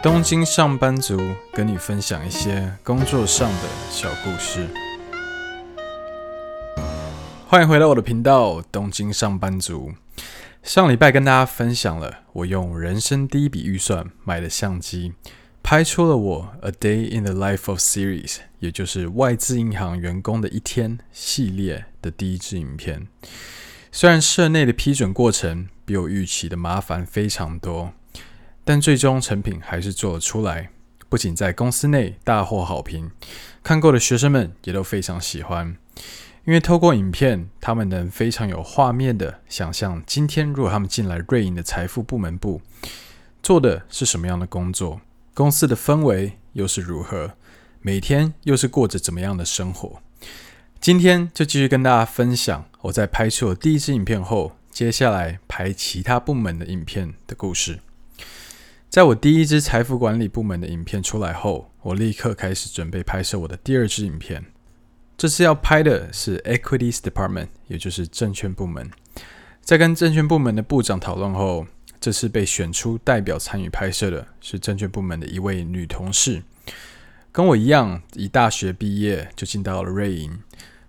東京上班族跟你分享一些工作上的小故事。歡迎回到我的頻道《東京上班族》。上禮拜跟大家分享了我用人生第一筆預算買的相機，拍出了我《A Day in the Life of Series》，也就是外資銀行員工的一天系列的第一支影片。雖然社內的批准過程比我預期的麻煩非常多，但最終成品還是做得出來，不僅在公司內大獲好評，看過的學生們也都非常喜歡。因為透過影片，他們能非常有畫面的想象，今天如果他們進來瑞銀的財富部門部做的是什麼樣的工作，公司的氛圍又是如何，每天又是過着怎麼樣的生活。今天就繼續跟大家分享我在拍出的第一支影片後，接下來拍其他部門的影片的故事。在我第一支財富管理部門的影片出來後，我立刻開始準備拍攝我的第二支影片。這次要拍的是 Equities Department，也就是證券部門。在跟證券部門的部長討論後，這次被選出代表參與拍攝的是證券部門的一位女同事，跟我一樣，一大學畢業就進到了瑞銀，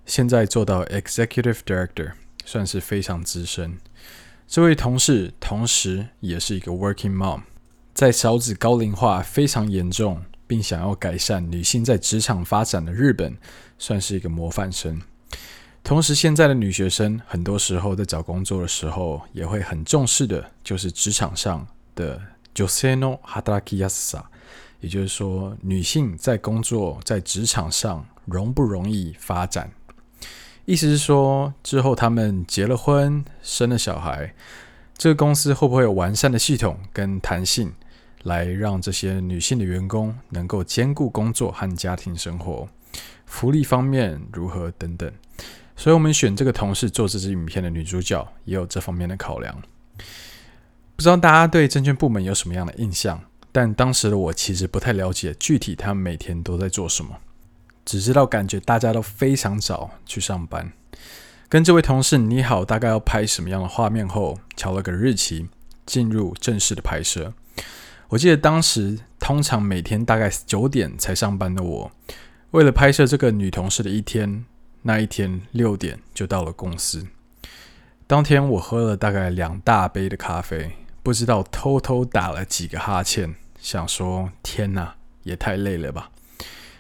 現在做到 Executive Director，算是非常資深。這位同事同時也是一個 Working Mom。在少子高齡化非常嚴重，並想要改善女性在職場發展的日本，算是一個模範生。同時，現在的女學生很多時候在找工作的時候，也會很重視的，就是職場上的女性の働きやすさ，也就是說，女性在工作在職場上容不容易發展？意思是說，之後他們結了婚，生了小孩，這個公司會不會有完善的系統跟彈性？來讓這些女性的員工能夠兼顧工作和家庭生活、福利方面如何等等，所以我們選這個同事做這支影片的女主角，也有這方面的考量。不知道大家對證券部門有什麼樣的印象？但當時的我其實不太了解具體他們每天都在做什麼，只知道感覺大家都非常早去上班。跟這位同事擬好大概要拍什麼樣的畫面後，敲了個日期，進入正式的拍攝。我記得當時通常每天大概九點才上班的我，為了拍攝這個女同事的一天，那一天六點就到了公司。當天我喝了大概兩大杯的咖啡，不知道偷偷打了幾個哈欠，想說天哪，也太累了吧！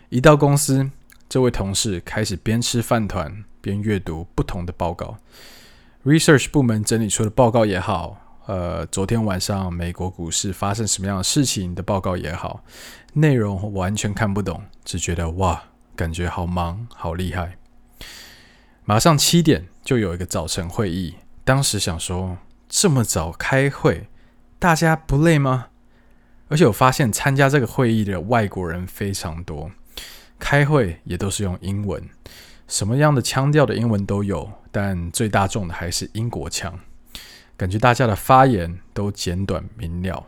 一到公司，這位同事開始邊吃飯糰邊閱讀不同的報告。Research 部門整理出的報告也好。呃，昨天晚上美國股市發生什麼樣的事情的報告也好，內容完全看不懂，只覺得哇，感覺好忙，好厲害。馬上七點就有一個早晨會議，當時想說這麼早開會，大家不累嗎？而且我發現參加這個會議的外國人非常多，開會也都是用英文，什麼樣的腔調的英文都有，但最大眾的還是英國腔。感覺大家的發言都簡短明了。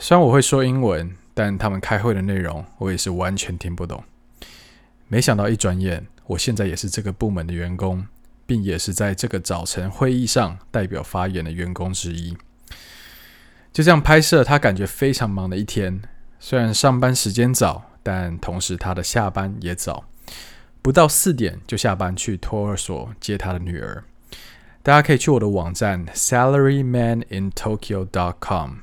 雖然我會說英文，但他們開會的內容我也是完全聽不懂。沒想到一轉眼，我現在也是這個部門的員工，並也是在這個早晨會議上代表發言的員工之一。就這樣拍攝他感覺非常忙的一天。雖然上班時間早，但同時他的下班也早，不到四點就下班去托兒所接他的女兒。大家可以去我的網站 salarymanintokyo.com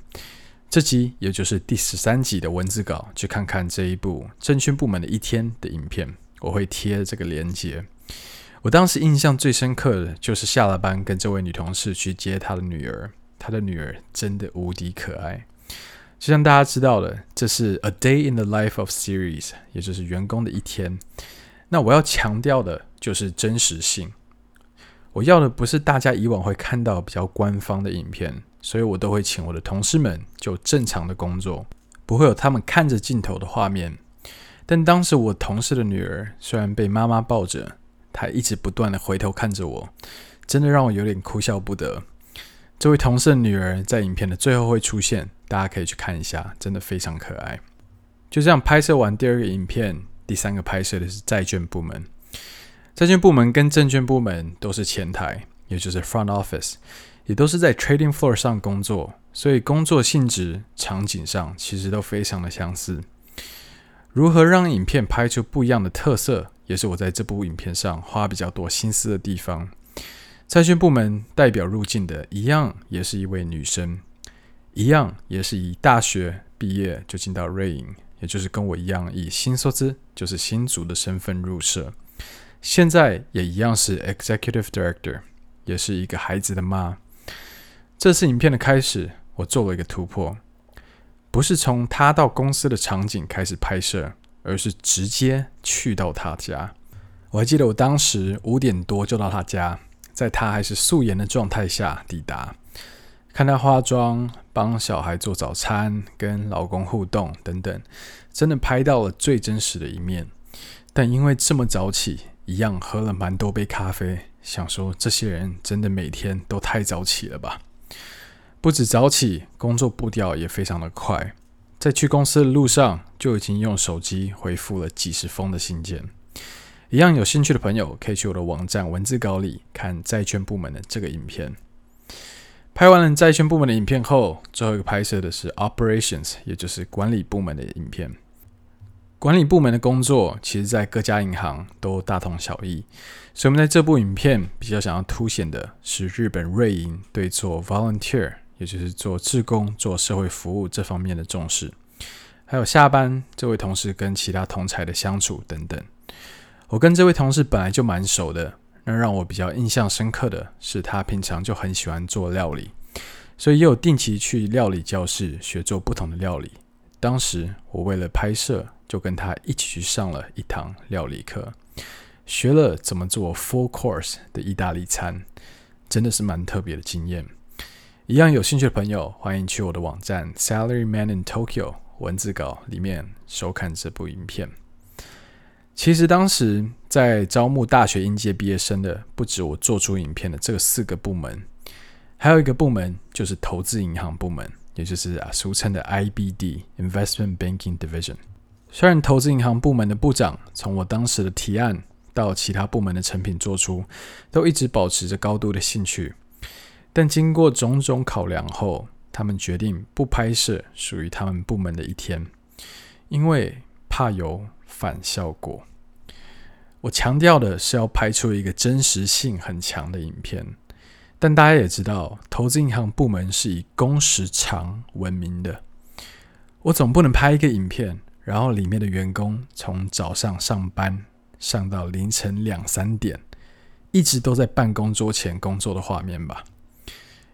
這集，也就是第十三集的文字稿，去看看這一部證券部門的一天的影片。我會貼這個鏈接。我當時印象最深刻的就是下了班跟這位女同事去接她的女兒，她的女兒真的無敵可愛。就像大家知道的，這是 A Day in the Life of Series，也就是員工的一天。那我要強調的就是真實性。我要的不是大家以往會看到比較官方的影片，所以我都會請我的同事們就正常的工作，不會有他們看着鏡頭的畫面。但當時我同事的女兒雖然被媽媽抱着，她一直不斷地回頭看着我，真的讓我有點哭笑不得。這位同事的女兒在影片的最後會出現，大家可以去看一下，真的非常可愛。就這樣拍攝完第二個影片，第三個拍攝的是債券部門。債券部門跟證券部門都是前台，也就是 front office，也都是在 trading floor 上工作，所以工作性質、場景上其實都非常的相似。如何讓影片拍出不一樣的特色，也是我在這部影片上花比較多心思的地方。債券部門代表入鏡的，一樣也是一位女生，一樣也是以大學畢業就進到瑞銀，也就是跟我一樣以新收資，就是新卒的身份入社。現在也一樣是 executive director，也是一個孩子的媽。這次影片的開始，我做了一個突破，不是從她到公司的場景開始拍攝，而是直接去到她家。我還記得我當時五點多就到她家，在她還是素顏的狀態下抵達，看她化妝、幫小孩做早餐、跟老公互動等等，真的拍到了最真實的一面。但因為這麼早起，一樣喝了蠻多杯咖啡，想說這些人真的每天都太早起了吧？不止早起，工作步調也非常的快，在去公司的路上就已經用手機回復了幾十封的信件。一樣有興趣的朋友可以去我的網站文字稿裡看債券部門的這個影片。拍完了債券部門的影片後，最後一個拍攝的是 operations，也就是管理部門的影片。管理部門的工作，其實在各家銀行都大同小異。所以，我們在這部影片比較想要凸顯的是日本瑞銀對做 volunteer，也就是做志工、做社會服務這方面的重視，還有下班這位同事跟其他同儕的相處等等。我跟這位同事本來就蠻熟的，那讓我比較印象深刻的是，他平常就很喜歡做料理，所以也有定期去料理教室學做不同的料理。當時我為了拍攝，就跟他一起去上了一堂料理課，學了怎麼做 full course 的意大利餐，真的是蠻特別的經驗。一樣有興趣的朋友，歡迎去我的網站 Salary Man in Tokyo 文字稿裡面收看這部影片。其實當時在招募大學應屆畢業生的，不止我做出影片的這四個部門，還有一個部門就是投資銀行部門，也就是啊俗稱的 IBD Investment Banking Division。雖然投資銀行部門的部長從我當時的提案到其他部門的成品做出，都一直保持着高度的興趣，但經過種種考量後，他們決定不拍攝屬於他們部門的一天，因為怕有反效果。我強調的是要拍出一個真實性很強的影片，但大家也知道，投資銀行部門是以工時長聞名的，我總不能拍一個影片。然後裡面的員工從早上上班上到凌晨兩三點，一直都在辦公桌前工作的畫面吧。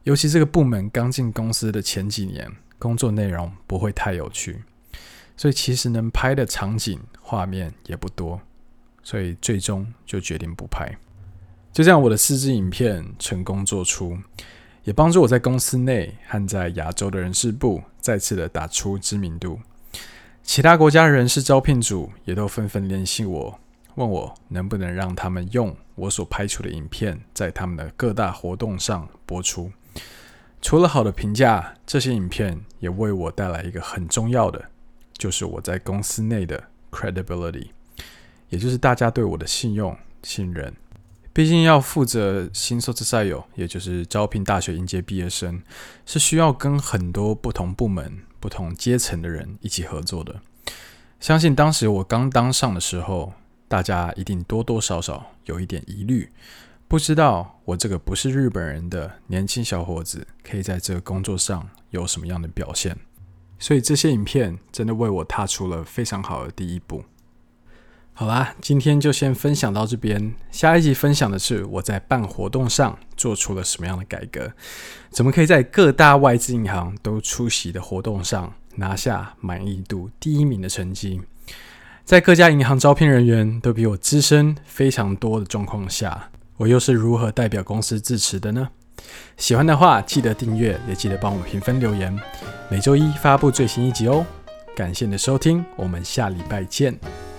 尤其這個部門剛進公司的前幾年，工作內容不會太有趣，所以其實能拍的場景畫面也不多，所以最終就決定不拍。就這樣，我的四支影片成功做出，也幫助我在公司內和在亞洲的人事部再次的打出知名度。其他國家的人事招聘組也都紛紛聯繫我，問我能不能讓他們用我所拍出的影片在他們的各大活動上播出。除了好的評價，這些影片也為我帶來一個很重要的，就是我在公司內的 credibility，也就是大家對我的信用信任。畢竟要負責新卒採用，也就是招聘大學應屆畢業生，是需要跟很多不同部門。不同階層的人一起合作的。相信當時我剛當上的時候，大家一定多多少少有一點疑慮，不知道我這個不是日本人的年輕小伙子可以在這個工作上有什麼樣的表現。所以這些影片真的為我踏出了非常好的第一步。好啦，今天就先分享到這邊。下一集分享的是我在辦活動上做出了什麼樣的改革，怎麼可以在各大外資銀行都出席的活動上拿下滿意度第一名的成績？在各家銀行招聘人員都比我資深非常多的狀況下，我又是如何代表公司致辭的呢？喜歡的話記得訂閱，也記得幫我評分留言。每週一發佈最新一集哦。感謝你的收聽，我們下禮拜見。